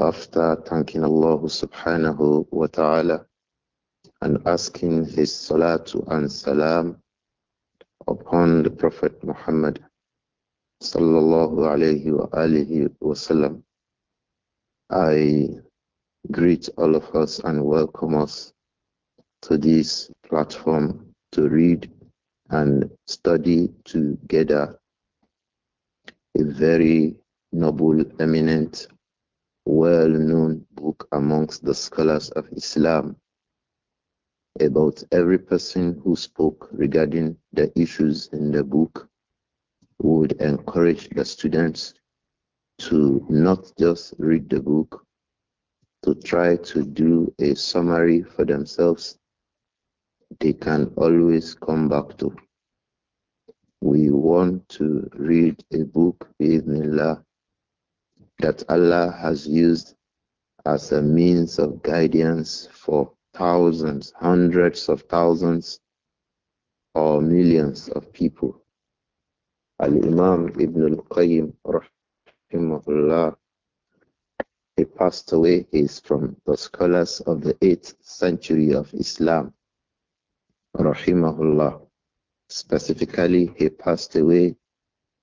after thanking Allah subhanahu wa ta'ala and asking his salatu and salam upon the Prophet Muhammad sallallahu alayhi wa alihi wasallam. I greet all of us and welcome us to this platform to read and study together a very noble, eminent well known book amongst the scholars of Islam about every person who spoke regarding the issues in the book would encourage the students to not just read the book, to try to do a summary for themselves they can always come back to. We want to read a book, Bismillah, that Allah has used as a means of guidance for thousands, hundreds of thousands, or millions of people. Al Imam Ibn Al Qayyim, rahimahullah, he passed away. He is from the scholars of the eighth century of Islam, rahimahullah. Specifically, he passed away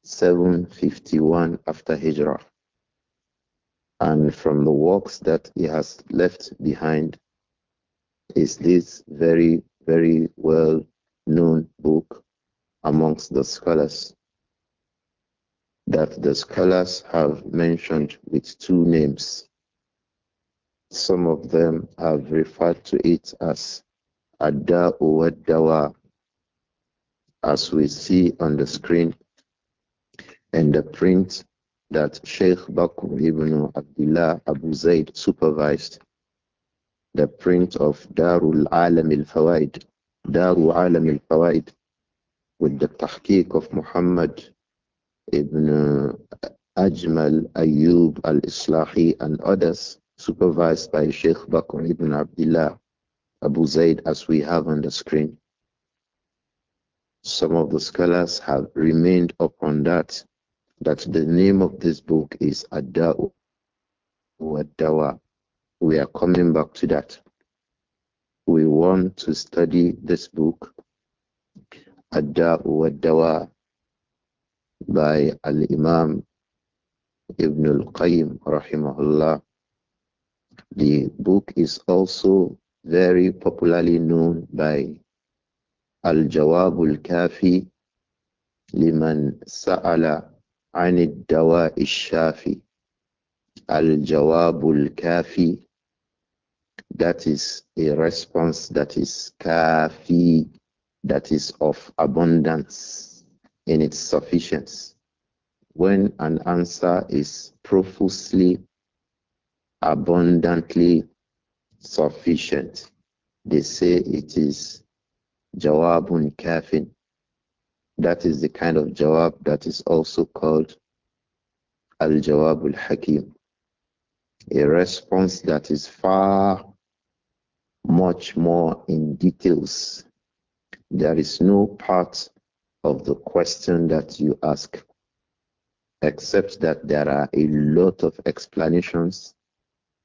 751 after Hijrah. And from the works that he has left behind is this very, very well known book amongst the scholars that the scholars have mentioned with two names. Some of them have referred to it as Ada Dawa, as we see on the screen and the print that Sheikh Bakr ibn Abdullah Abu Zaid supervised the print of Darul Alam al Fawaid, Darul Alam al Fawaid, with the tahqiq of Muhammad ibn Ajmal Ayyub al Islahi and others, supervised by Sheikh Bakr ibn Abdullah Abu Zaid, as we have on the screen. Some of the scholars have remained upon that that the name of this book is Adda'u Wadawa. We are coming back to that. We want to study this book, Adda'u Wadawa, by Al Imam Ibn al Qayyim, rahimahullah. The book is also very popularly known by Al Jawab al Kafi liman sa'ala عن الدواء الشافي الجواب الكافي that is a response that is kafi that is of abundance in its sufficiency when an answer is profusely abundantly sufficient they say it is jawabun kafin that is the kind of jawab that is also called al jawab al hakim, a response that is far much more in details. There is no part of the question that you ask, except that there are a lot of explanations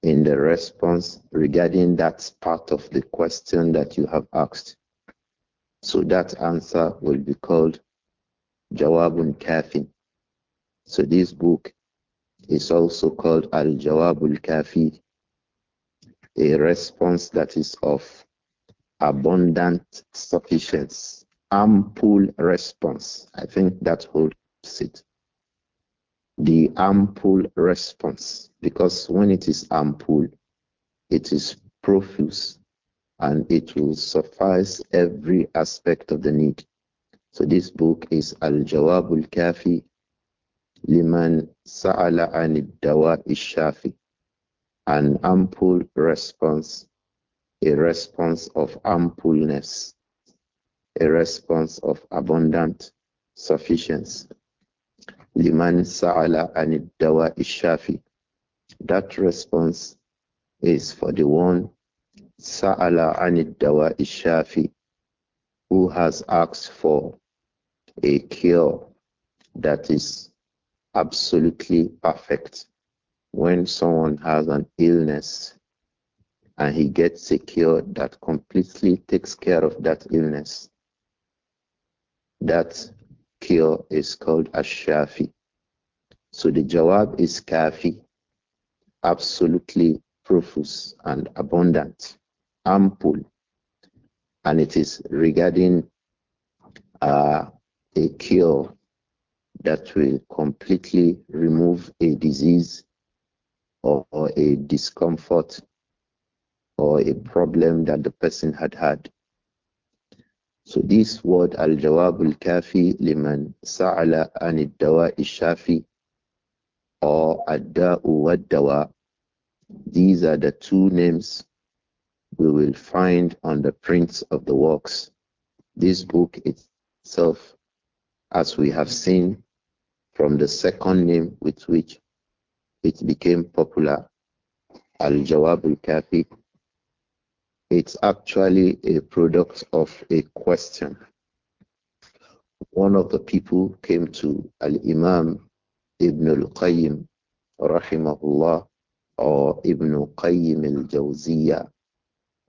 in the response regarding that part of the question that you have asked. So that answer will be called Jawabun Kafi. So this book is also called Al Jawabul Kafi, a response that is of abundant sufficiency, ample response. I think that holds it. The ample response, because when it is ample, it is profuse and it will suffice every aspect of the need. So this book is Al-Jawabul Kafi Liman Sa'ala Anid-Dawa Ishafi. An ample response, a response of ampleness, a response of abundant sufficiency. Liman Sa'ala Anid-Dawa Ishafi. That response is for the one Sa'ala Anid-Dawa Ishafi who has asked for a cure that is absolutely perfect. When someone has an illness and he gets a cure that completely takes care of that illness, that cure is called Ashafi. So the Jawab is Kafi, absolutely profuse and abundant, ample, and it is regarding uh, a cure that will completely remove a disease or, or a discomfort or a problem that the person had had. So this word al-jawab al-kafi liman sa'ala an dawa ishafi or ad-da'u wad-dawa. These are the two names we will find on the prints of the works. This book itself, as we have seen from the second name with which it became popular, Al Jawab al Kafi, it's actually a product of a question. One of the people came to Al Imam Ibn al Qayyim, rahimahullah, or Ibn Qayyim al Jawziyah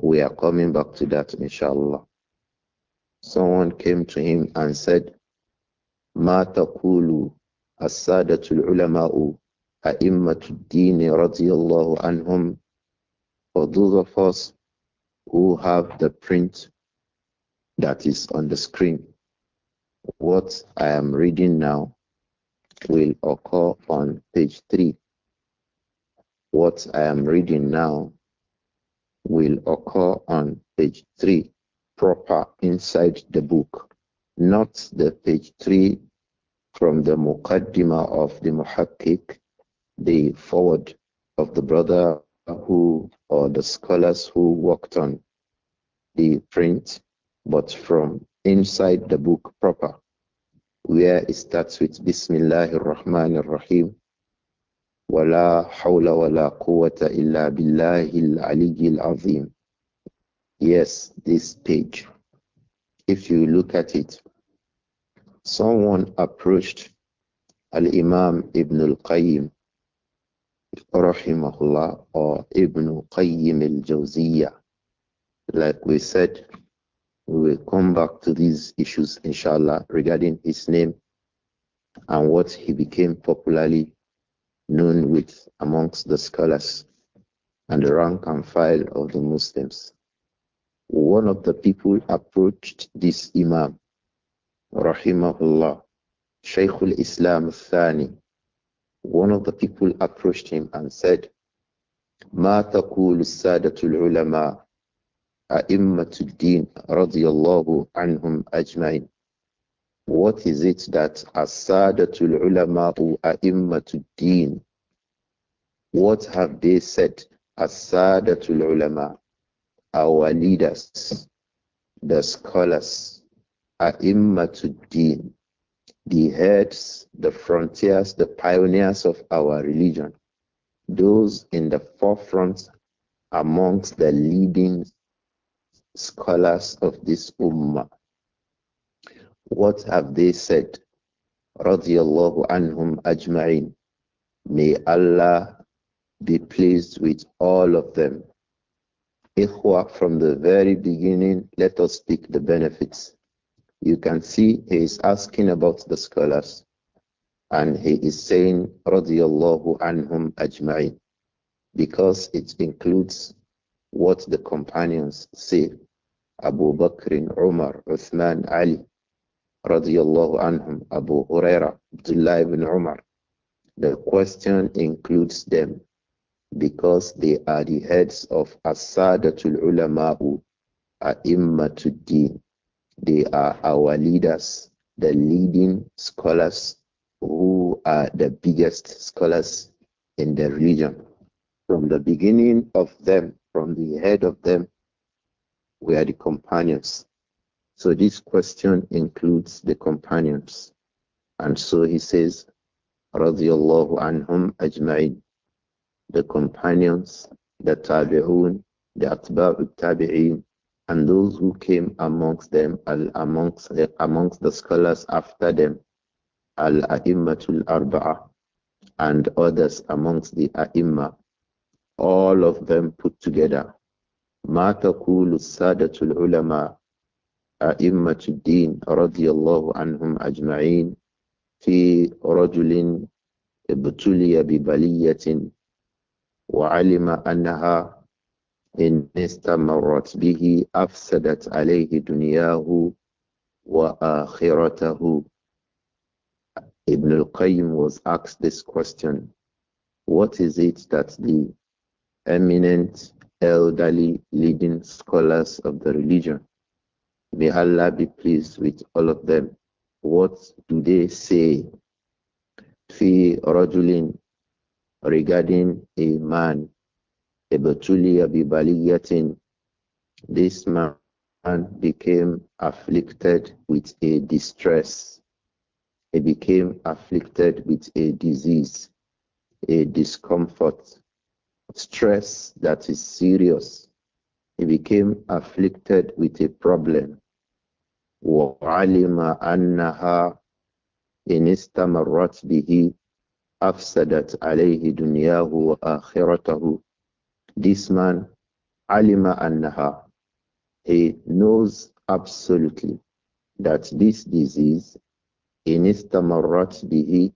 we are coming back to that, inshallah. Someone came to him and said, ما asadatul السادة العلماء أئمة الدين رضي For those of us who have the print that is on the screen, what I am reading now will occur on page 3. What I am reading now will occur on page 3 proper inside the book, not the page 3 from the muqaddima of the Muhakkik, the forward of the brother who or the scholars who worked on the print, but from inside the book proper, where it starts with Bismillahir Rahmanir Rahim ولا حول ولا قوة إلا بالله العلي العظيم. Yes, this page. If you look at it, someone approached Al-Imam Ibn al-Qayyim rahimahullah or Ibn Qayyim al-Jawziyah. Like we said, we will come back to these issues inshallah regarding his name and what he became popularly known with amongst the scholars and the rank and file of the Muslims. One of the people approached this Imam, Rahimahullah, Shaykhul Islam Thani. One of the people approached him and said, "Ma تقول السادة ulama, أئمة الدين رضي الله عنهم أجمعين what is it that Asadatul Ulama A'immatul Deen? What have they said? Asadatul Ulama, our leaders, the scholars, A'immatul Deen, the heads, the frontiers, the pioneers of our religion, those in the forefront amongst the leading scholars of this ummah what have they said? Radiallahu anhum ajma'in. May Allah be pleased with all of them. Ikhwa, from the very beginning, let us speak the benefits. You can see he is asking about the scholars and he is saying radiyallahu anhum ajma'in because it includes what the companions say Abu Bakr, Umar, Uthman, Ali radiallahu anhum, Abu Huraira, The question includes them because they are the heads of Asadatul Ulama'u, A'immatul Deen. They are our leaders, the leading scholars who are the biggest scholars in the religion. From the beginning of them, from the head of them, we are the companions. So this question includes the companions. And so he says, radiyallahu anhum ajma'in. The companions, the tabi'un, the atba'u tabi'in, and those who came amongst them, amongst, the, eh, amongst the scholars after them, al-a'immatul arba'a, and others amongst the a'imma, all of them put together. ما تقول السادة العلماء أئمة الدين رضي الله عنهم أجمعين في رجل ابتلي ببلية وعلم أنها إن استمرت به أفسدت عليه دنياه وآخرته Ibn al-Qayyim was asked this question. What is it that the eminent elderly leading scholars of the religion May Allah be pleased with all of them. What do they say? Fi rajulin regarding a man, Ebatuli This man became afflicted with a distress. He became afflicted with a disease, a discomfort, stress that is serious. He became afflicted with a problem. وعلم أنها إن استمرت به أفسدت عليه دنياه وآخرته This man علم أنها He knows absolutely that this disease in istamarat bihi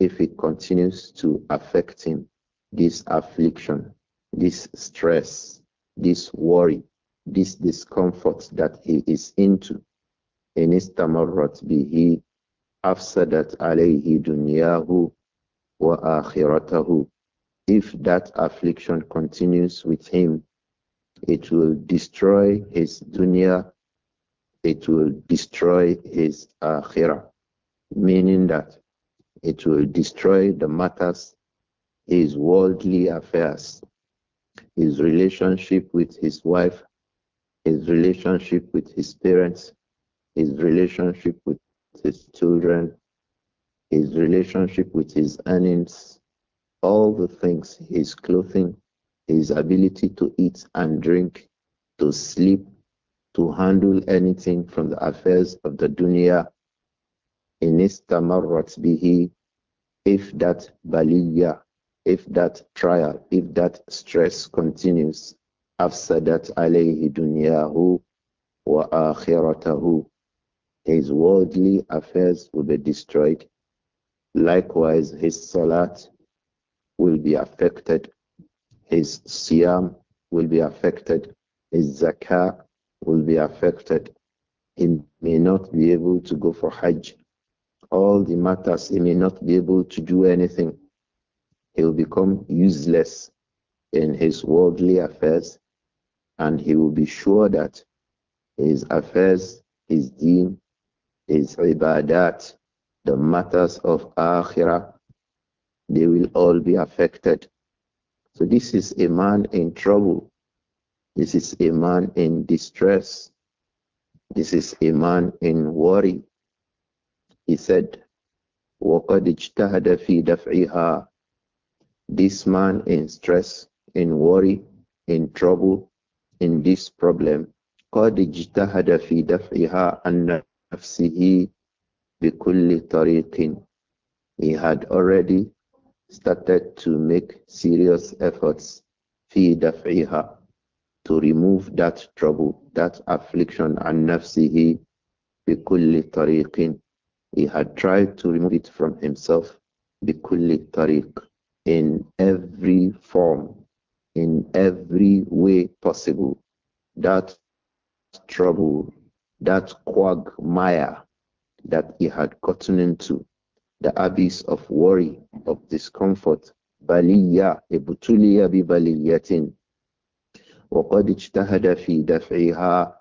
if it continues to affect him this affliction this stress this worry this discomfort that he is into إن استمرت به أفسدت عليه دنياه وآخرته If that affliction continues with him, it will destroy his dunya, it will destroy his akhirah, meaning that it will destroy the matters, his worldly affairs, his relationship with his wife, his relationship with his parents, his relationship with his children, his relationship with his earnings, all the things, his clothing, his ability to eat and drink, to sleep, to handle anything from the affairs of the dunya. In istamarrat bihi, if that baliyah, if that trial, if that stress continues, afsadat alayhi dunyahu wa akhiratahu his worldly affairs will be destroyed. Likewise, his salat will be affected, his siyam will be affected, his zakah will be affected. He may not be able to go for hajj. All the matters, he may not be able to do anything. He will become useless in his worldly affairs and he will be sure that his affairs, his deen, his ibadat, the matters of akhirah, they will all be affected. So this is a man in trouble. This is a man in distress. This is a man in worry. He said, This man in stress, in worry, in trouble, in this problem, قَدْ اجْتَهَدَ فِي دَفْعِهَا أَنَّ نفسه بكل طريق he had already started to make serious efforts في دفعها to remove that trouble that affliction عن نفسه بكل طريق he had tried to remove it from himself بكل طريق in every form in every way possible that trouble that quagmire that he had gotten into, the abyss of worry, of discomfort. Baliya, ebutuliya bi baliyatin. وقد اجتهد في دفعها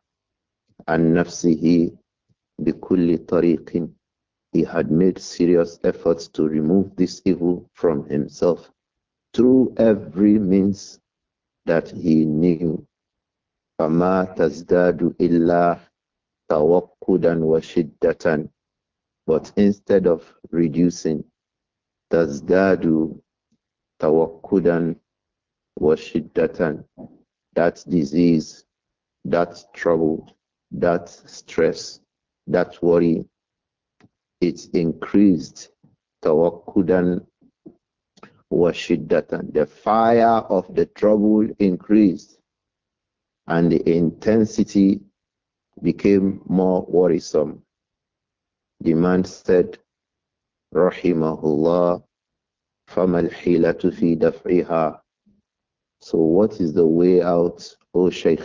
عن نفسه بكل طريق. He had made serious efforts to remove this evil from himself through every means that he knew. فما تزداد إلا tawakkudan wa But instead of reducing, tazdadu tawakkudan wa That disease, that trouble, that stress, that worry, it's increased tawakkudan wa The fire of the trouble increased and the intensity became more worrisome. The man said, Rahimahullah, فَمَا الْحِيلَةُ fi دَفْعِهَا So what is the way out, O Shaykh?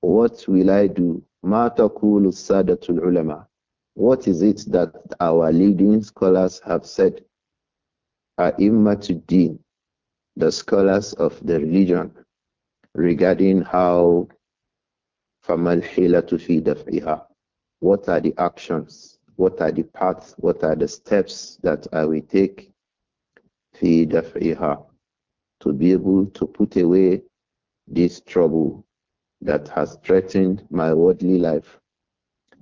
What will I do? مَا تَقُولُ sadatul ulama. What is it that our leading scholars have said? A'immatuddin, the scholars of the religion, regarding how فَمَا الْحِيلَةُ فِي دَفْعِهَا What are the actions? What are the paths? What are the steps that I will take فِي دَفْعِهَا To be able to put away this trouble that has threatened my worldly life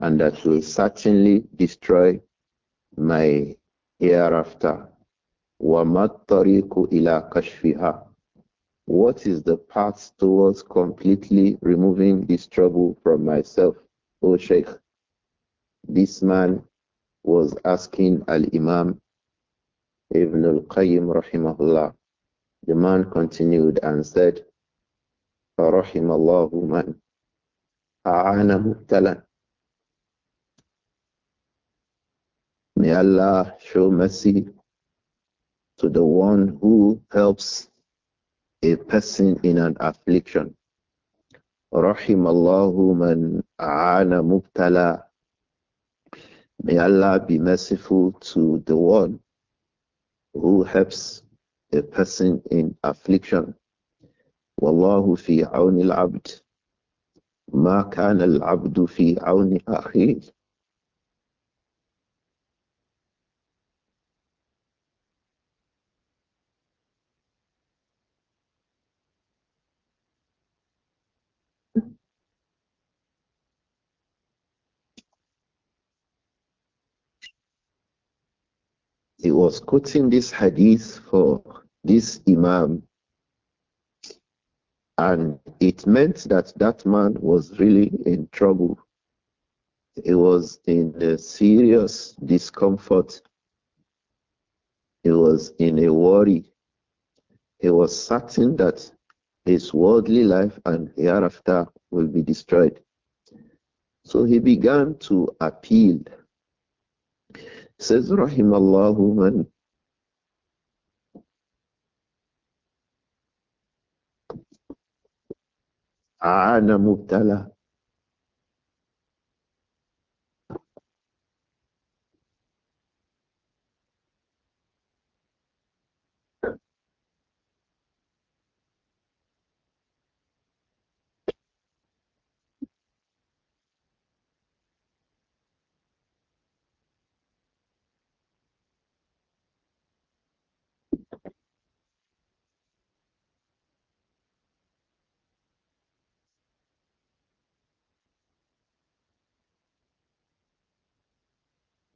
and that will certainly destroy my hereafter. وَمَا الطَّرِيقُ إِلَىٰ كَشْفِهَا what is the path towards completely removing this trouble from myself, O Sheikh? This man was asking Al Imam Ibn al Qayyim rahimahullah. The man continued and said, فَرَحِمَ man, aana أَعَانَ May Allah show mercy to the one who helps a person in an affliction. Rahim Allahu man aana mubtala. May Allah be merciful to the one who helps a person in affliction. Wallahu fi auni al-abd. Ma kana al-abdu fi auni akhihi. he was quoting this hadith for this imam and it meant that that man was really in trouble he was in serious discomfort he was in a worry he was certain that his worldly life and hereafter will be destroyed so he began to appeal استاذ رحم الله من عانى مبتلى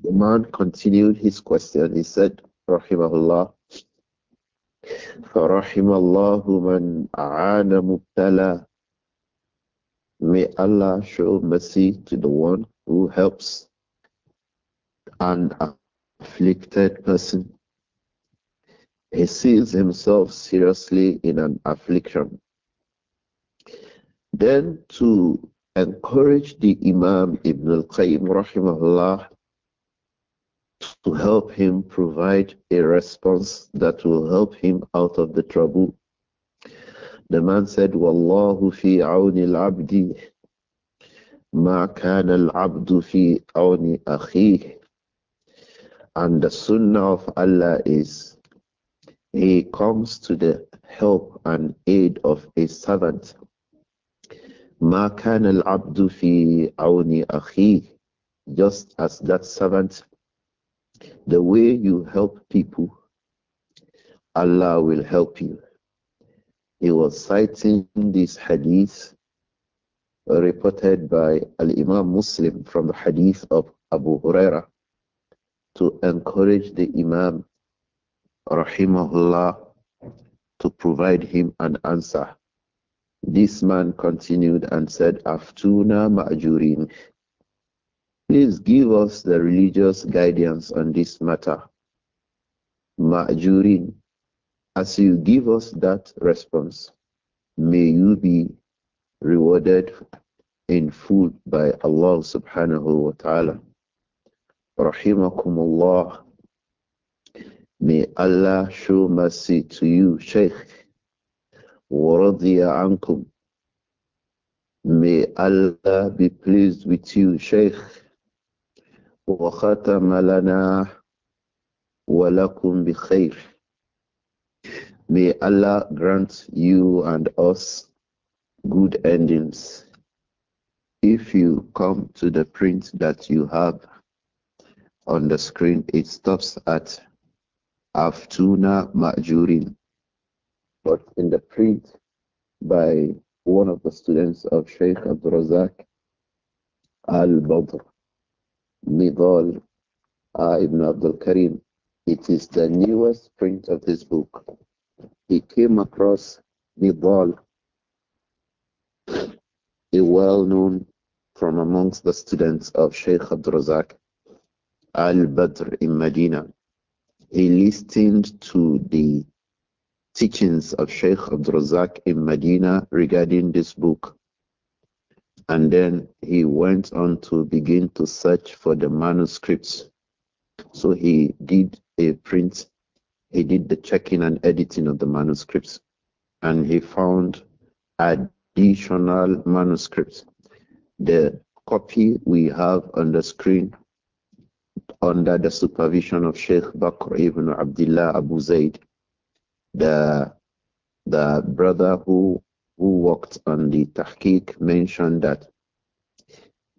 The man continued his question. He said, Rahimahullah, فَرَحِمَ اللَّهُ مَنْ أَعَانَ مُبْتَلَى May Allah show mercy to the one who helps an afflicted person. He sees himself seriously in an affliction. Then to encourage the Imam Ibn al-Qayyim rahimahullah to help him provide a response that will help him out of the trouble. The man said, Wallahu fi awni al ma kana al-abdu fi awni akhihi. And the sunnah of Allah is He comes to the help and aid of a servant. Ma kana al-abdu fi awni akhihi. Just as that servant the way you help people, Allah will help you. He was citing this hadith uh, reported by Al Imam Muslim from the hadith of Abu Huraira to encourage the Imam Rahimahullah to provide him an answer. This man continued and said, Aftuna ma'jurin. Please give us the religious guidance on this matter. Ma'jurin, as you give us that response, may you be rewarded in full by Allah subhanahu wa ta'ala. Rahimakumullah. May Allah show mercy to you, Shaykh. Waradiya ankum. May Allah be pleased with you, Shaykh. وختم لنا ولكم بخير. May Allah grant you and us good endings. If you come to the print that you have on the screen, it stops at Aftuna Majurin. But in the print by one of the students of Sheikh Abdurazak Al Badr, Nidal uh, Ibn Abdul Karim. It is the newest print of this book. He came across Nidal, a well-known from amongst the students of Sheikh Abdul Razak al-Badr in Medina. He listened to the teachings of Sheikh Abdul Razak in Medina regarding this book and then he went on to begin to search for the manuscripts. So he did a print, he did the checking and editing of the manuscripts, and he found additional manuscripts. The copy we have on the screen under the supervision of Sheikh Bakr ibn Abdullah Abu Zaid, the, the brother who who worked on the tahqiq mentioned that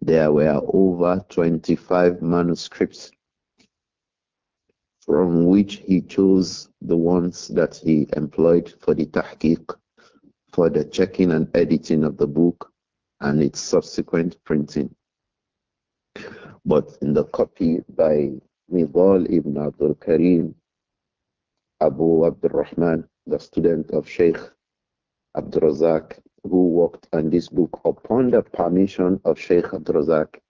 there were over 25 manuscripts from which he chose the ones that he employed for the tahqiq, for the checking and editing of the book and its subsequent printing. But in the copy by Nidal ibn Abdul Karim, Abu Abdul Rahman, the student of Sheikh Abdurazak, who worked on this book upon the permission of Sheikh Abdurazak,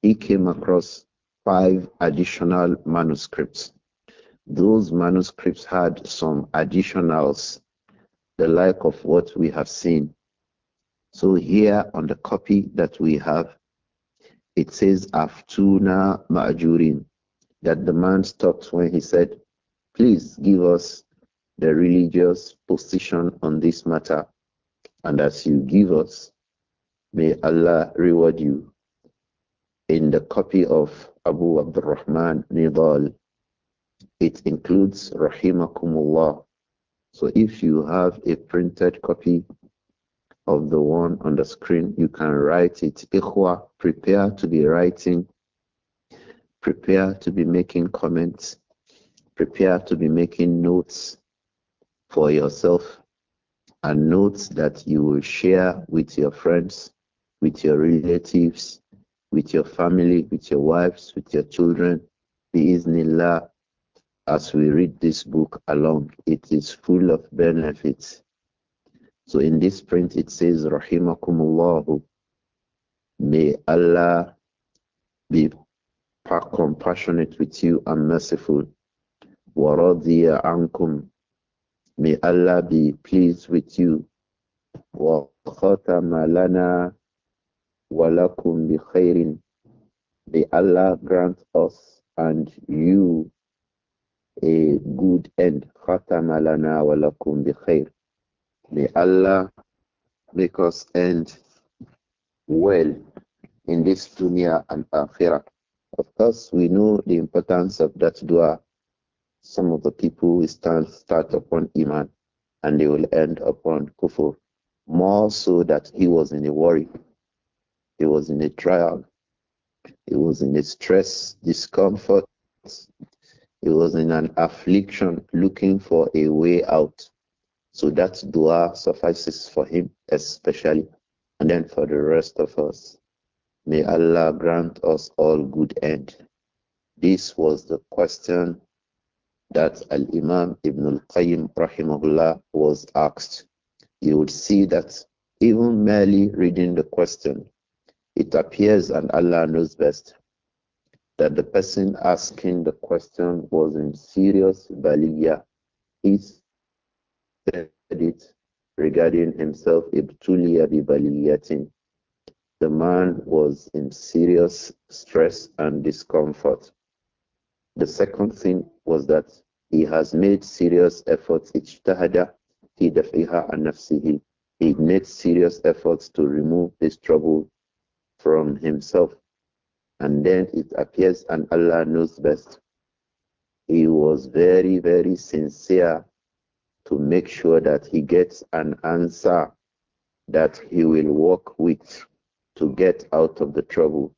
he came across five additional manuscripts. Those manuscripts had some additionals, the like of what we have seen. So here on the copy that we have, it says Aftuna Ma'jurin, that the man stopped when he said, Please give us the religious position on this matter. And as you give us, may Allah reward you. In the copy of Abu Abdurrahman Nidal, it includes Rahimakumullah. So if you have a printed copy of the one on the screen, you can write it. Ikhwa, prepare to be writing, prepare to be making comments, prepare to be making notes for yourself and notes that you will share with your friends, with your relatives, with your family, with your wives, with your children. Biiznillah, as we read this book along, it is full of benefits. So in this print it says, Rahimakumullahu, may Allah be compassionate with you and merciful. وَرَضِيَ عَنْكُمْ May Allah be pleased with you. وَخَتَمَ لَنَا وَلَكُمْ بِخَيْرٍ May Allah grant us and you a good end. خَتَمَ لَنَا وَلَكُمْ بِخَيْرٍ May Allah make us end well in this dunya and akhirah. Of course, we know the importance of that dua some of the people stand, start upon Iman and they will end upon Kufur. More so that he was in a worry, he was in a trial, he was in a stress, discomfort, he was in an affliction looking for a way out. So that dua suffices for him, especially, and then for the rest of us. May Allah grant us all good end. This was the question that Al Imam Ibn Al Qayyim rahimahullah was asked, you would see that even merely reading the question, it appears, and Allah knows best, that the person asking the question was in serious baliya. He said it regarding himself, Ibtuliya bi baliyatin. The man was in serious stress and discomfort. The second thing was that he has made serious efforts, ijtahada fi daf'iha an nafsihi. He made serious efforts to remove this trouble from himself. And then it appears, and Allah knows best. He was very, very sincere to make sure that he gets an answer that he will work with to get out of the trouble.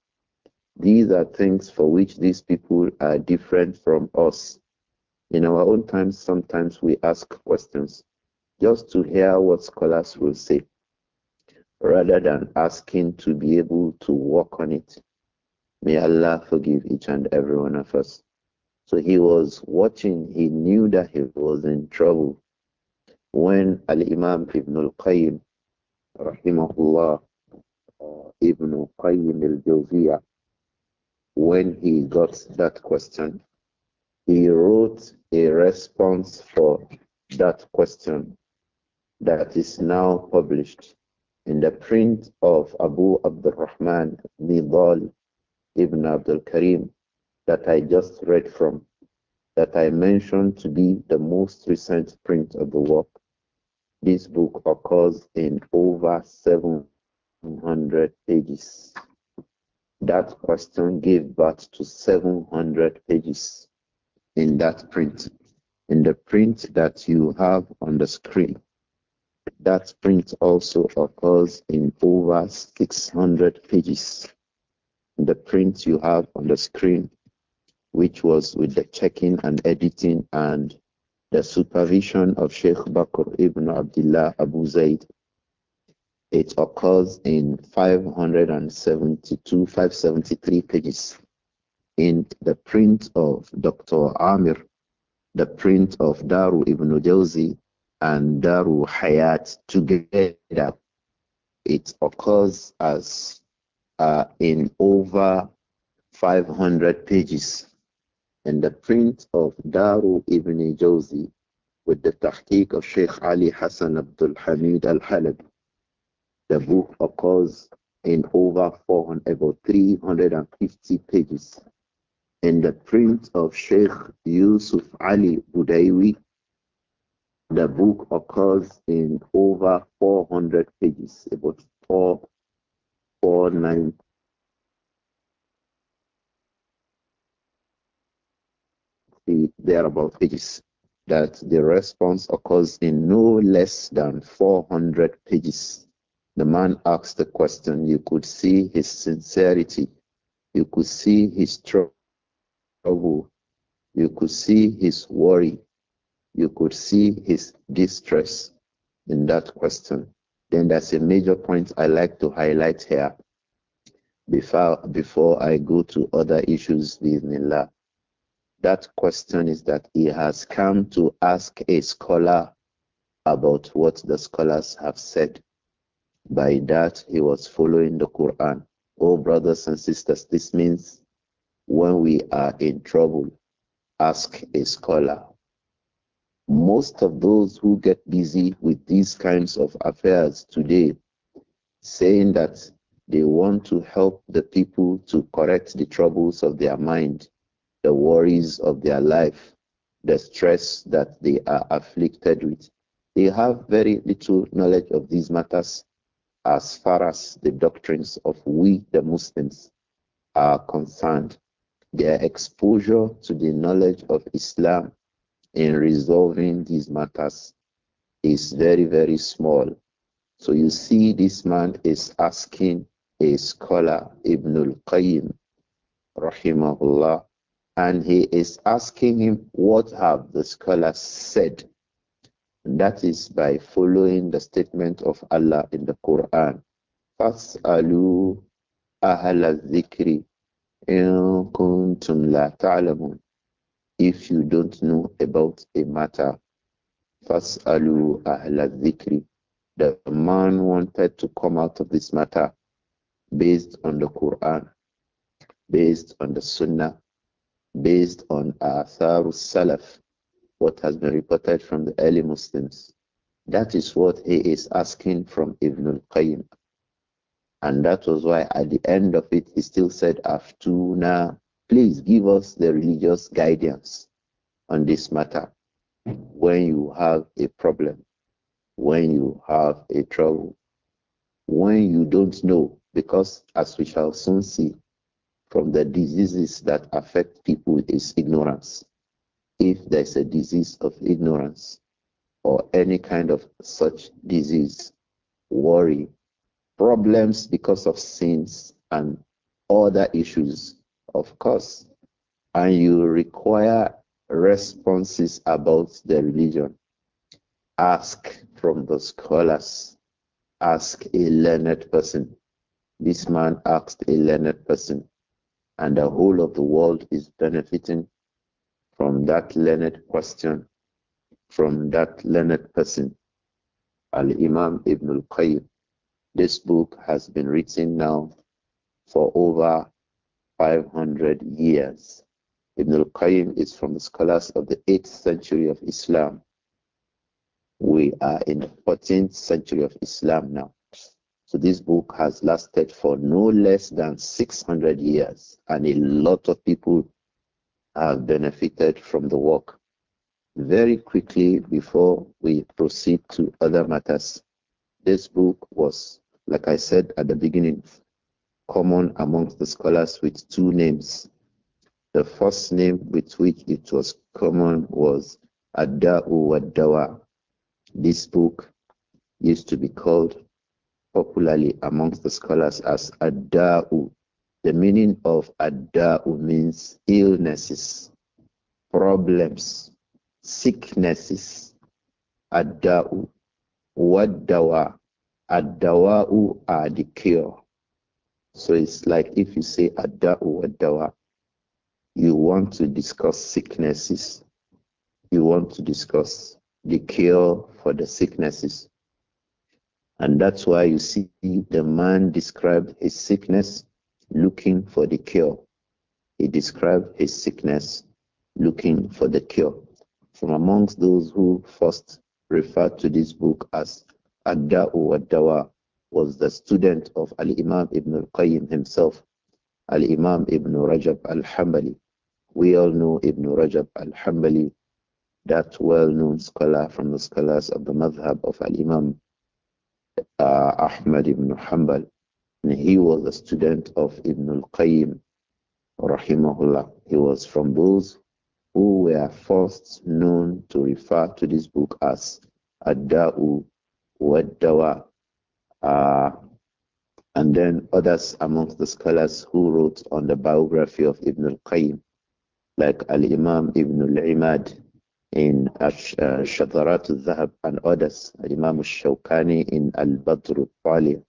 These are things for which these people are different from us. In our own times, sometimes we ask questions just to hear what scholars will say, rather than asking to be able to work on it. May Allah forgive each and every one of us. So he was watching, he knew that he was in trouble. When Al Imam Ibn al Qayyim, Rahimahullah, Ibn al Qayyim al Jawziyah, when he got that question, he wrote a response for that question that is now published in the print of Abu Abdurrahman Nidal ibn Abdul Karim that I just read from, that I mentioned to be the most recent print of the work. This book occurs in over 700 pages. That question gave birth to 700 pages in that print, in the print that you have on the screen. That print also occurs in over 600 pages. The print you have on the screen, which was with the checking and editing and the supervision of Sheikh Bakr ibn Abdullah Abu Zaid, it occurs in 572, 573 pages in the print of Dr. Amir, the print of Daru ibn Jawzi and Daru Hayat together. It occurs as uh, in over 500 pages. And the print of Daru ibn Jawzi with the tahqiq of Sheikh Ali Hassan Abdul Hamid Al Halab, The book occurs in over 400, about 350 pages in the print of Sheikh Yusuf Ali Budaiwi, the book occurs in over 400 pages, about 4, 490. Thereabout pages that the response occurs in no less than 400 pages. The man asked the question, you could see his sincerity, you could see his trust trouble. You could see his worry. You could see his distress in that question. Then there's a major point I like to highlight here before before I go to other issues bismillah. That question is that he has come to ask a scholar about what the scholars have said. By that he was following the Quran. Oh brothers and sisters, this means when we are in trouble, ask a scholar. Most of those who get busy with these kinds of affairs today, saying that they want to help the people to correct the troubles of their mind, the worries of their life, the stress that they are afflicted with. They have very little knowledge of these matters as far as the doctrines of we, the Muslims, are concerned their exposure to the knowledge of Islam in resolving these matters is very, very small. So you see, this man is asking a scholar, Ibn al Qayyim, rahimahullah, and he is asking him, What have the scholars said? And that is by following the statement of Allah in the Quran. Fas'alu ahla dhikri if you don't know about a matter, فَاسْأَلُوا أَهْلَ الذِّكْرِ The man wanted to come out of this matter based on the Quran, based on the Sunnah, based on Atharu Salaf, what has been reported from the early Muslims. That is what he is asking from Ibn al-Qayyim and that was why at the end of it, he still said, Aftuna, please give us the religious guidance on this matter. When you have a problem, when you have a trouble, when you don't know, because as we shall soon see from the diseases that affect people is ignorance. If there's a disease of ignorance or any kind of such disease, worry, problems because of sins and other issues, of course, and you require responses about the religion, ask from the scholars, ask a learned person. This man asked a learned person, and the whole of the world is benefiting from that learned question, from that learned person. Al Imam Ibn al Qayyim this book has been written now for over 500 years. Ibn al-Qayyim is from the scholars of the 8th century of Islam. We are in the 14th century of Islam now. So this book has lasted for no less than 600 years and a lot of people have benefited from the work. Very quickly before we proceed to other matters, this book was like I said at the beginning, common amongst the scholars with two names. The first name with which it was common was Adda'u wa Dawa. This book used to be called popularly amongst the scholars as Adda'u. The meaning of Adda'u means illnesses, problems, sicknesses. Adda'u wa Dawa Adawa'u are the cure. So it's like if you say Ada'u Adawa, you want to discuss sicknesses. You want to discuss the cure for the sicknesses. And that's why you see the man described his sickness looking for the cure. He described his sickness looking for the cure. From amongst those who first referred to this book as Ad-Da'u Dawa was the student of Al-Imam Ibn al-Qayyim himself, Al-Imam Ibn Rajab al-Hambali. We all know Ibn Rajab al-Hambali, that well-known scholar from the scholars of the madhab of Al-Imam uh, Ahmad ibn Hanbal. And he was a student of Ibn al-Qayyim, rahimahullah. He was from those who were first known to refer to this book as ad wadawa, uh, and then others amongst the scholars who wrote on the biography of Ibn al-Qayyim, like Al-Imam Ibn al-Imad in uh, Shadarat al-Zahab and others, Al-Imam al-Shawkani in Al-Badr al-Taliya.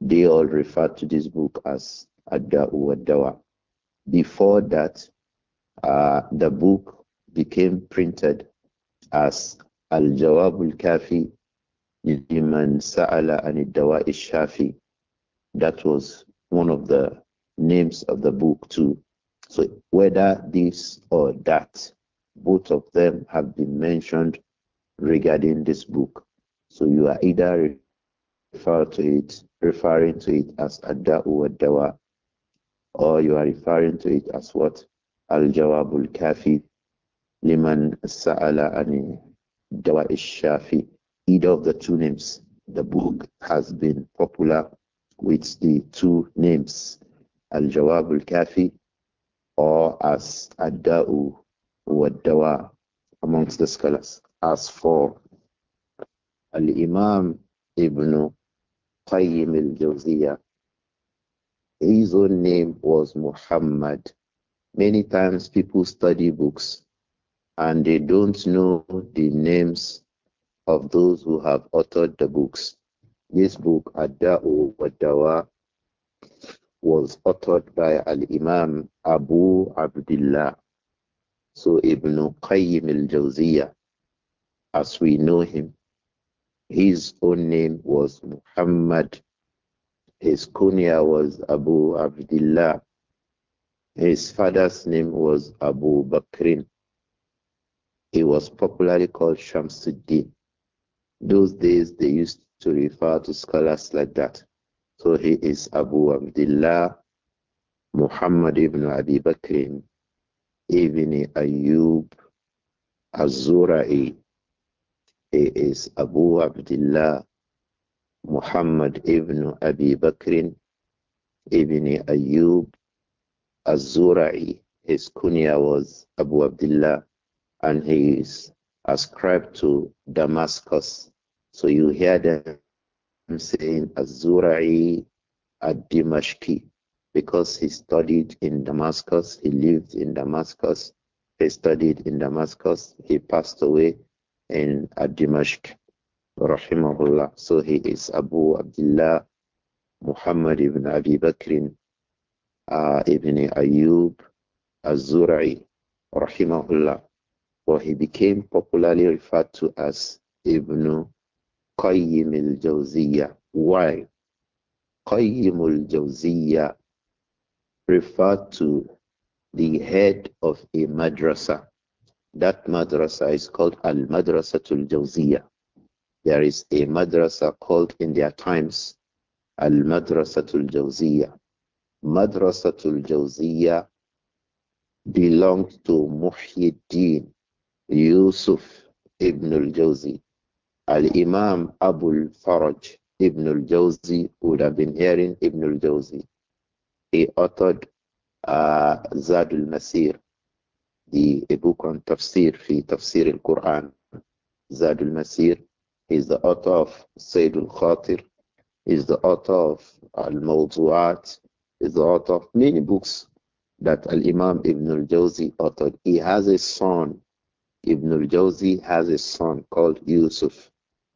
They all refer to this book as Ad-Da'u dawa Before that, uh, the book became printed as Al-Jawab al-Kafi is man sa'ala an shafi. That was one of the names of the book too. So whether this or that, both of them have been mentioned regarding this book. So you are either refer to it, referring to it as Adda'u wa Dawa, or you are referring to it as what? Al-Jawabul Kafi liman sa'ala ani dawa shafi Either of the two names. The book has been popular with the two names, Al Jawab al Kafi or as Adda'u wa amongst the scholars. As for Al Imam Ibn Qayyim al Jawziyah, his own name was Muhammad. Many times people study books and they don't know the names of those who have authored the books. This book, Ad-Da'u wa was authored by Al-Imam Abu Abdullah. So Ibn Qayyim al-Jawziyah, as we know him, his own name was Muhammad. His kunya was Abu Abdullah. His father's name was Abu Bakrin. He was popularly called Shamsuddin. Those days they used to refer to scholars like that. So he is Abu Abdullah Muhammad ibn Abi Bakr ibn Ayyub Az-Zura'i. He is Abu Abdullah Muhammad ibn Abi Bakr ibn Ayyub Az-Zura'i. His kunya was Abu Abdullah and he is ascribed to Damascus. So you hear them saying Azura'i at Dimashki because he studied in Damascus, he lived in Damascus, he studied in Damascus, he passed away in Dimashq, rahimahullah. So he is Abu Abdullah Muhammad ibn Abi Bakr uh, ibn Ayub Azurai. rahimahullah. But he became popularly referred to as Ibn Qayyim al-Jawziyya. Why? Qayyim al-Jawziyya referred to the head of a madrasa. That madrasa is called Al-Madrasatul Jawziyya. There is a madrasa called in their times Al-Madrasatul Jawziyya. Madrasatul Jawziyya belonged to Muhyiddin Yusuf ibn al-Jawzi. Al-Imam Abul Faraj ibn al-Jawzi would have been hearing ibn al-Jawzi. He authored uh, Zadul Masir, the a book on tafsir, fi tafsir al-Quran. Zadul Masir is the author of Sayyid al-Khatir, is the author of Al-Mawdu'at, is the author of many books that Al-Imam Ibn al-Jawzi authored. He has a son Ibn al-Jawzi has a son called Yusuf,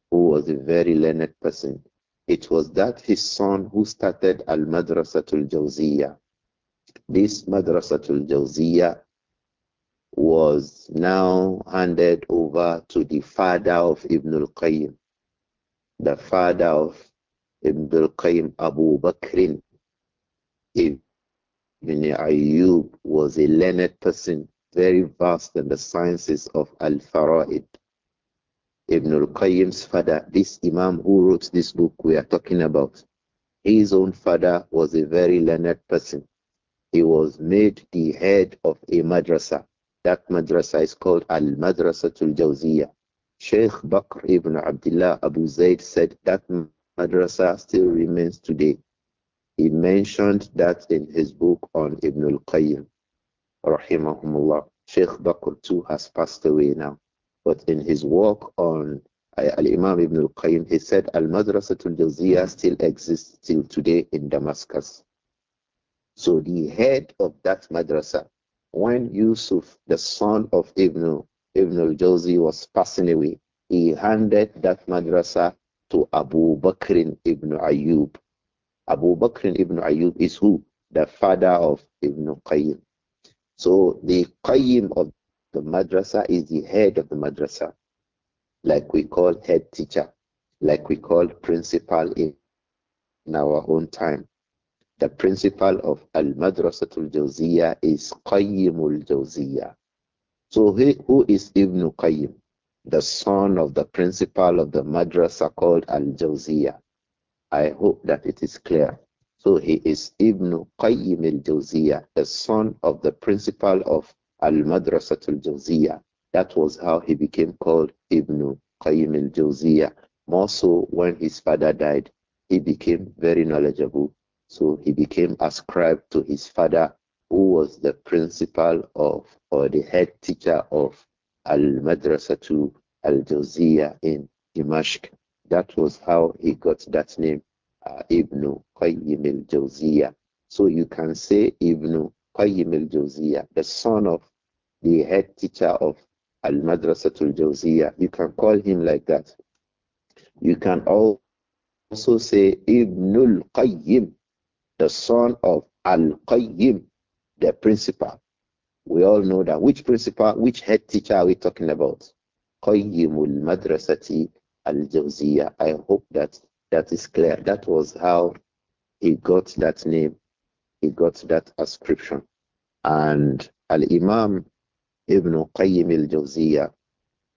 who was a very learned person. It was that his son who started Al-Madrasatul Jawziyah. This Madrasatul Jawziyah was now handed over to the father of Ibn al-Qayyim, the father of Ibn al-Qayyim Abu Bakr. Ibn Ayyub was a learned person very vast in the sciences of Al Fara'id. Ibn al Qayyim's father, this Imam who wrote this book we are talking about, his own father was a very learned person. He was made the head of a madrasa. That madrasa is called Al Madrasatul Jawziyah. Sheikh Bakr ibn Abdullah Abu Zaid said that madrasa still remains today. He mentioned that in his book on Ibn al Qayyim rahimahumullah. Sheikh Bakr too has passed away now. But in his work on uh, Al-Imam Ibn al-Qayyim, he said Al-Madrasatul Jaziyah still exists till today in Damascus. So the head of that madrasa, when Yusuf, the son of Ibn, Ibn al-Jawzi, was passing away, he handed that madrasa to Abu Bakr ibn Ayyub. Abu Bakr ibn Ayyub is who? The father of Ibn Qayyim. So the qayyim of the madrasa is the head of the madrasa, like we call head teacher, like we call principal in, in our own time. The principal of Al Madrasatul Jawziya is Qayyimul Jawziya. So he, who is Ibn Qayyim? The son of the principal of the madrasa called Al Jawziya. I hope that it is clear. So he is Ibn Qayyim al-Jawziyah, the son of the principal of al al Jawziyah. That was how he became called Ibn Qayyim al-Jawziyah. More so when his father died, he became very knowledgeable. So he became ascribed to his father, who was the principal of or the head teacher of Al-Madrasatul Al-Jawziyah in Dimashq. That was how he got that name uh, Ibn Qayyim al-Jawziyah. So you can say Ibn Qayyim al-Jawziyah, the son of the head teacher of Al-Madrasatul Jawziyah. You can call him like that. You can also say Ibn al-Qayyim, the son of Al-Qayyim, the principal. We all know that. Which principal, which head teacher are we talking about? al Madrasati Al-Jawziyah. I hope that that is clear. That was how he got that name. He got that ascription. And Al Imam Ibn Qayyim al Jawziyah,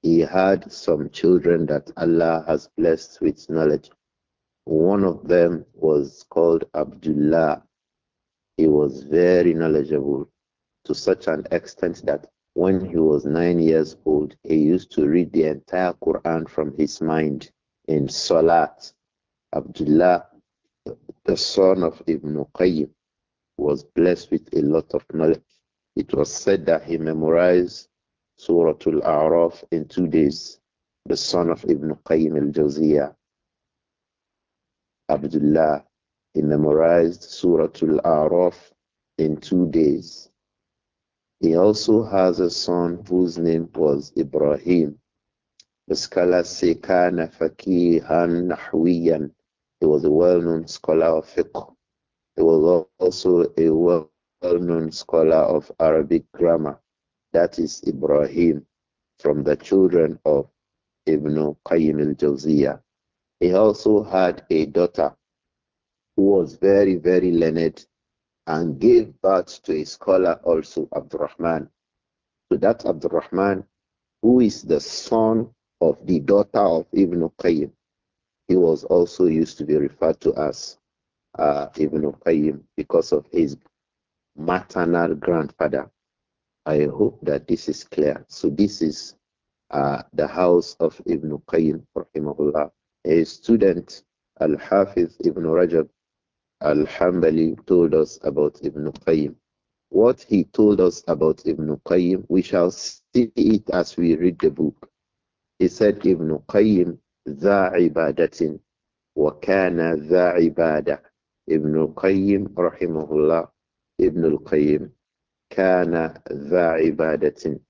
he had some children that Allah has blessed with knowledge. One of them was called Abdullah. He was very knowledgeable to such an extent that when he was nine years old, he used to read the entire Quran from his mind in Salat. Abdullah, the son of Ibn Qayyim, was blessed with a lot of knowledge. It was said that he memorized Surah Al-A'raf in two days, the son of Ibn Qayyim al-Jawziyah. Abdullah, he memorized Surah Al-A'raf in two days. He also has a son whose name was Ibrahim. The scholars say, Kana fakihan nahwiyan. He was a well-known scholar of fiqh. He was also a well-known scholar of Arabic grammar. That is Ibrahim from the children of Ibn Qayyim al-Jawziyah. He also had a daughter who was very, very learned and gave birth to a scholar also, Abdurrahman. So that Abdurrahman, who is the son of the daughter of Ibn Qayyim. He was also used to be referred to as uh, Ibn Qayyim because of his maternal grandfather. I hope that this is clear. So this is uh, the house of Ibn Qayyim, rahimahullah. His student, Al-Hafiz Ibn Rajab Al-Hambali, told us about Ibn Qayyim. What he told us about Ibn Qayyim, we shall see it as we read the book. He said Ibn Qayyim ذا عبادة وكان ذا عبادة ابن القيم رحمه الله ابن القيم كان ذا عبادة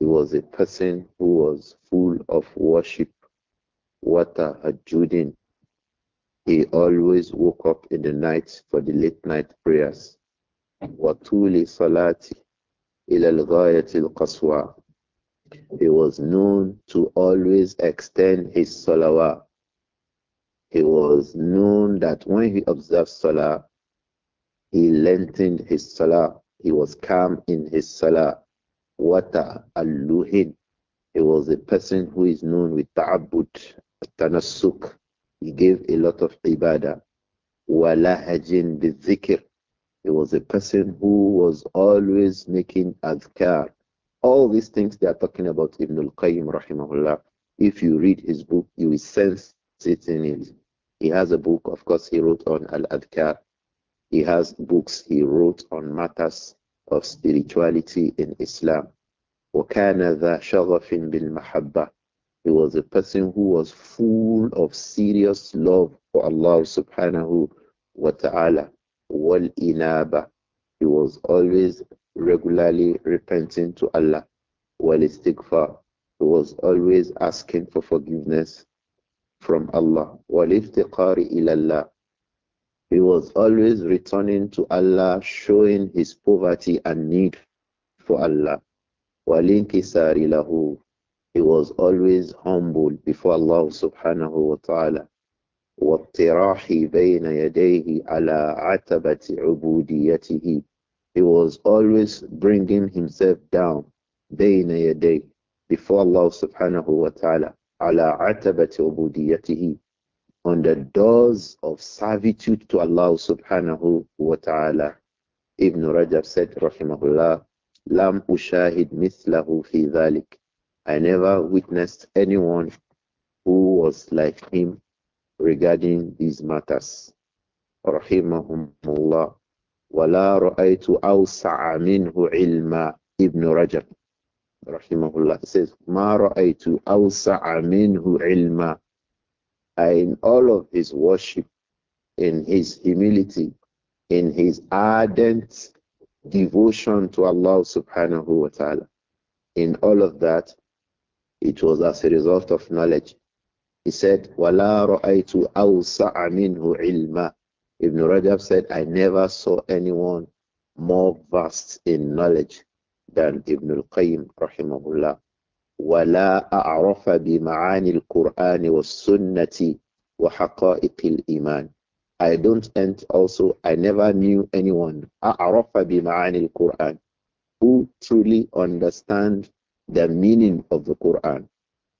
He was a person who was full of worship وتهجد He always woke up in the night for the late night prayers وطول صلاته إلى الغاية القصوى he was known to always extend his salawah. He was known that when he observed salah, he lengthened his salah. He was calm in his salah. Wata al He was a person who is known with ta'abbud, tanasuk. He gave a lot of ibadah. hajin bizikr. He was a person who was always making azkar. All these things they are talking about Ibn al-Qayyim rahimahullah. If you read his book, you will sense it in it. He has a book, of course, he wrote on al-adhkar. He has books he wrote on matters of spirituality in Islam. وَكَانَ ذَا شَغَفٍ mahabbah. He was a person who was full of serious love for Allah subhanahu wa ta'ala. وَالْإِنَابَةِ He was always regularly repenting to Allah. Wal istighfar. He was always asking for forgiveness from Allah. Wal iftiqari ilallah. He was always returning to Allah, showing his poverty and need for Allah. Walinkisari lahu. He was always humble before Allah subhanahu wa ta'ala. واطراح بين يديه على عتبة عبوديته he was always bringing himself down day bayna day before Allah subhanahu wa ta'ala ala atabati ubudiyatihi on the doors of servitude to Allah subhanahu wa ta'ala. Ibn Rajab said, rahimahullah, lam ushahid mithlahu fi dhalik. I never witnessed anyone who was like him regarding these matters. Rahimahumullah. وَلَا رَأَيْتُ أَوْسَعَ مِنْهُ عِلْمًا Ibn Rajab rahimahullah says, مَا رَأَيْتُ أَوْسَعَ مِنْهُ عِلْمًا In all of his worship, in his humility, in his ardent devotion to Allah subhanahu wa ta'ala, in all of that, it was as a result of knowledge. He said, وَلَا رَأَيْتُ أَوْسَعَ مِنْهُ عِلْمًا Ibn Rajab said, I never saw anyone more vast in knowledge than Ibn al-Qayyim rahimahullah. ولا أعرف بمعاني القرآن والسنة وحقائق الإيمان I don't and also I never knew anyone أعرف بمعاني القرآن who truly understand the meaning of the Quran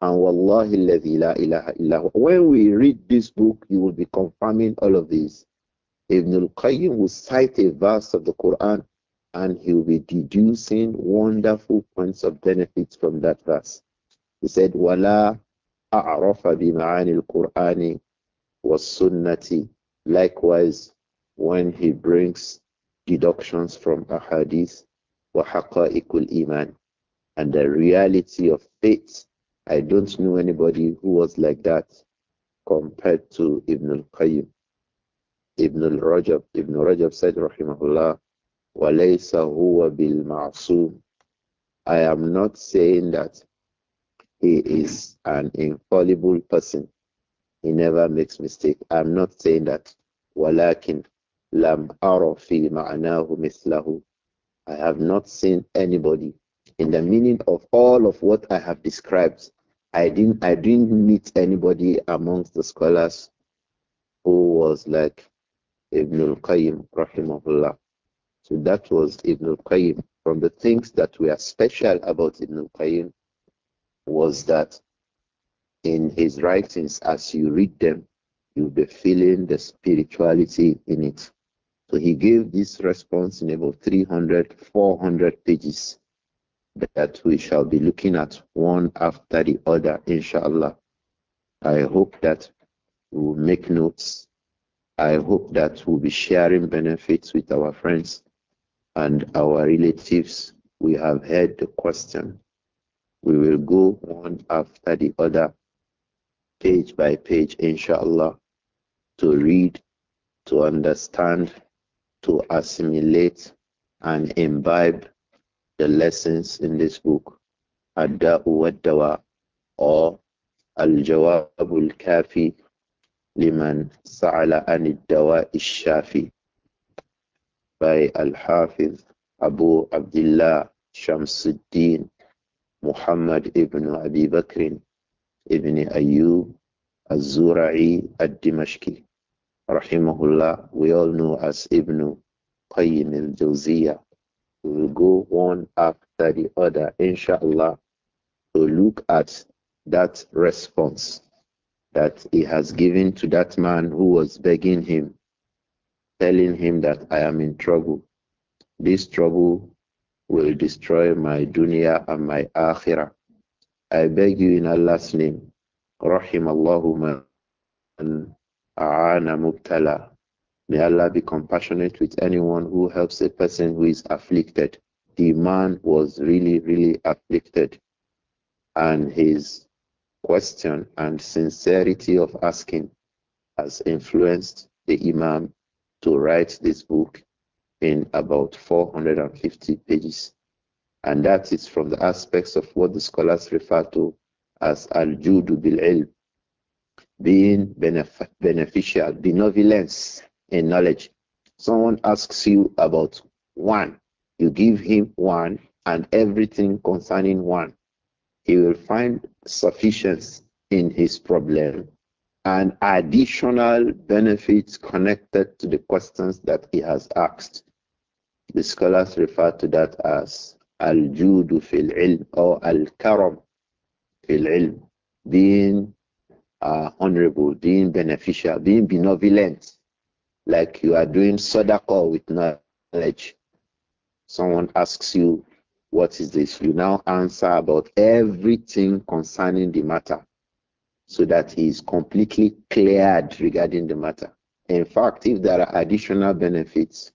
and wallahi alladhi la ilaha illahu when we read this book you will be confirming all of these Ibn al-Qayyim will cite a verse of the Quran and he will be deducing wonderful points of benefit from that verse. He said, وَلَا أَعْرَفَ بِمَعَانِ الْقُرْآنِ وَالسُّنَّةِ Likewise, when he brings deductions from ahadith, وَحَقَائِقُ iman, And the reality of faith, I don't know anybody who was like that compared to Ibn al-Qayyim. Ibn Rajab, Ibn Rajab said, Rahimahullah, وَلَيْسَ هُوَ بِالْمَعْصُومِ I am not saying that he is an infallible person. He never makes mistake. I'm not saying that. وَلَكِنْ لَمْ أَرَ فِي مَعْنَاهُ مِثْلَهُ I have not seen anybody in the meaning of all of what I have described. I didn't I didn't meet anybody amongst the scholars who was like Ibn al-Qayyim rahimahullah. So that was Ibn al-Qayyim. From the things that were special about Ibn al-Qayyim was that in his writings, as you read them, you'll be feeling the spirituality in it. So he gave this response in about 300, 400 pages that we shall be looking at one after the other, inshallah. I hope that we will make notes I hope that we'll be sharing benefits with our friends and our relatives. We have heard the question. We will go one after the other, page by page, inshallah, to read, to understand, to assimilate, and imbibe the lessons in this book, Adda'u wa or Al Jawabul Kafi لمن سأل عن الدواء الشافي by Al-Hafiz Abu Abdullah Shamsuddin Muhammad ibn Abi Bakr ibn Ayyub Az-Zura'i Ad-Dimashqi Rahimahullah we all know as Ibn Qayyim al-Jawziyah we will go one after the other inshallah to look at that response that he has given to that man who was begging him, telling him that I am in trouble. This trouble will destroy my dunya and my akhirah. I beg you in Allah's name, Rahim Allahumma and A'ana Mubtala. May Allah be compassionate with anyone who helps a person who is afflicted. The man was really, really afflicted, and his question and sincerity of asking has influenced the Imam to write this book in about 450 pages. And that is from the aspects of what the scholars refer to as al-judu bil-ilm, being benef beneficial, benevolence in knowledge. Someone asks you about one, you give him one and everything concerning one. He will find sufficiency in his problem and additional benefits connected to the questions that he has asked. The scholars refer to that as al-judu fil ilm or al-karam fil ilm, being uh, honorable, being beneficial, being benevolent, like you are doing sadaqah with knowledge. Someone asks you what is this? You now answer about everything concerning the matter so that he is completely cleared regarding the matter. In fact, if there are additional benefits,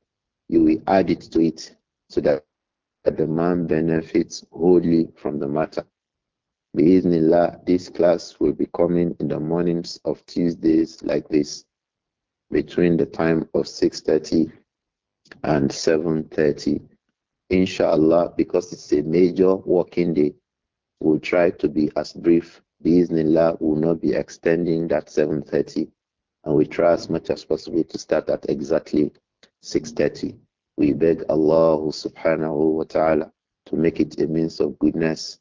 you will add it to it so that the man benefits wholly from the matter. Bismillah, this class will be coming in the mornings of Tuesdays like this, between the time of 6.30 and 7.30 Inshallah, because it's a major working day, we'll try to be as brief. we will not be extending that 7.30 and we try as much as possible to start at exactly 6.30. We beg Allah subhanahu wa ta'ala to make it a means of goodness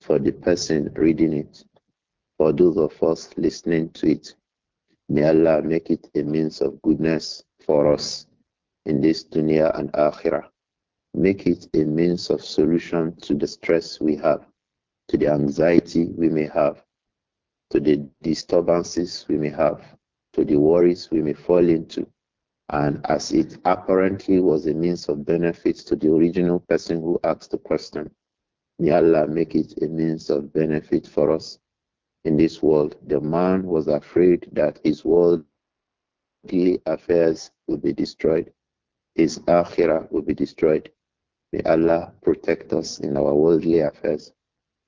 for the person reading it, for those of us listening to it. May Allah make it a means of goodness for us in this dunya and akhirah make it a means of solution to the stress we have, to the anxiety we may have, to the disturbances we may have, to the worries we may fall into. And as it apparently was a means of benefit to the original person who asked the question, may Allah make it a means of benefit for us in this world. The man was afraid that his worldly affairs would be destroyed, his akhirah would be destroyed, May Allah protect us in our worldly affairs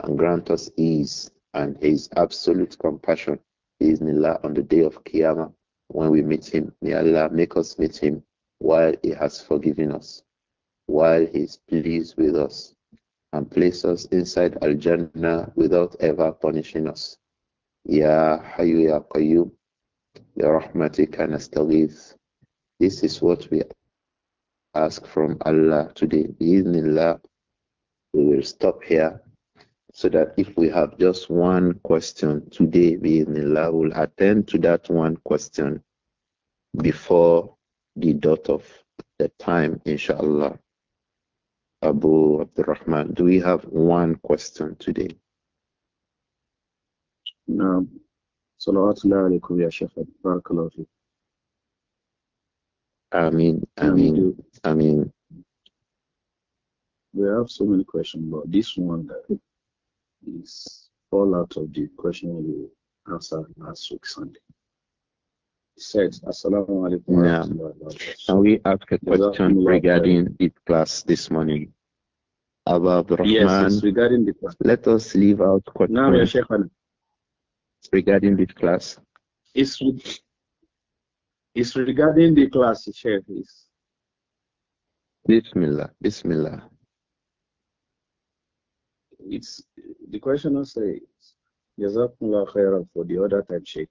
and grant us ease and His absolute compassion. Iznillah on the day of Qiyamah when we meet Him. May Allah make us meet Him while He has forgiven us, while He is pleased with us, and place us inside Al Jannah without ever punishing us. Ya Hayyu Ya Qayyum, Ya Rahmatika This is what we ask from Allah today. Bismillah, we will stop here so that if we have just one question today, Bismillah, we'll attend to that one question before the dot of the time, inshallah. Abu Abdurrahman, do we have one question today? No. صلوات الله عليكم يا شيخ بارك الله فيك I mean, I mean. We have so many questions, but this one that is all out of the question we answered last week Sunday. It says, Assalamu alaikum. Yeah. Can we ask a question regarding the class this morning? Abba Rahman, yes, regarding the class. Let us leave out questions regarding this class. It's is regarding the class, Sheikh. Bismillah, Bismillah. It's the questioner says, Jazakumullah khairan for the other time, Sheikh.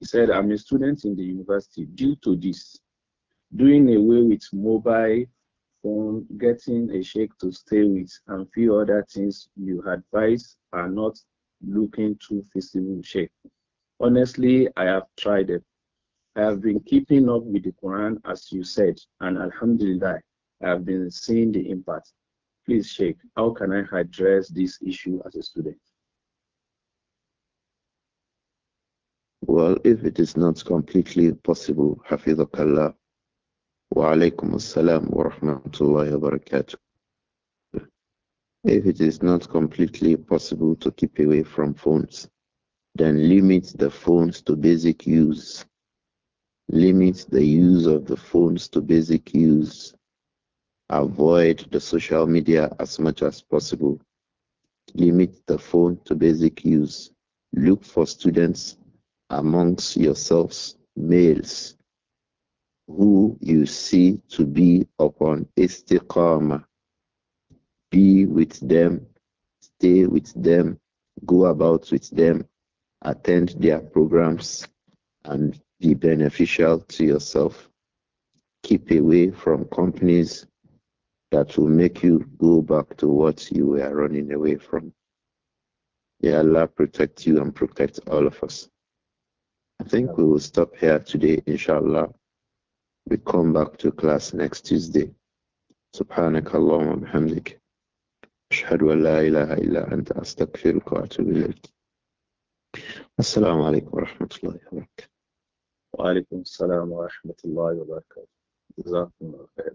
He said, I'm a student in the university. Due to this, doing away with mobile phone, getting a shake to stay with, and few other things you advise are not looking too feasible, Sheikh. Honestly, I have tried it I have been keeping up with the Quran as you said, and Alhamdulillah, I have been seeing the impact. Please, Sheikh, how can I address this issue as a student? Well, if it is not completely possible, Hafizakallah, wa alaykum assalam wa rahmatullahi wa barakatuh. If it is not completely possible to keep away from phones, then limit the phones to basic use limit the use of the phones to basic use, avoid the social media as much as possible, limit the phone to basic use, look for students amongst yourselves, males, who you see to be upon istiqama. Be with them, stay with them, go about with them, attend their programs, and be beneficial to yourself. Keep away from companies that will make you go back to what you were running away from. May Allah protect you and protect all of us. I think we will stop here today, inshallah. We come back to class next Tuesday. سبحانك اللهم وبحمدك أشهد أن لا إله إلا أنت أستغفرك وأتوب إليك السلام عليكم ورحمة الله وبركاته وعليكم السلام ورحمة الله وبركاته جزاكم الله خير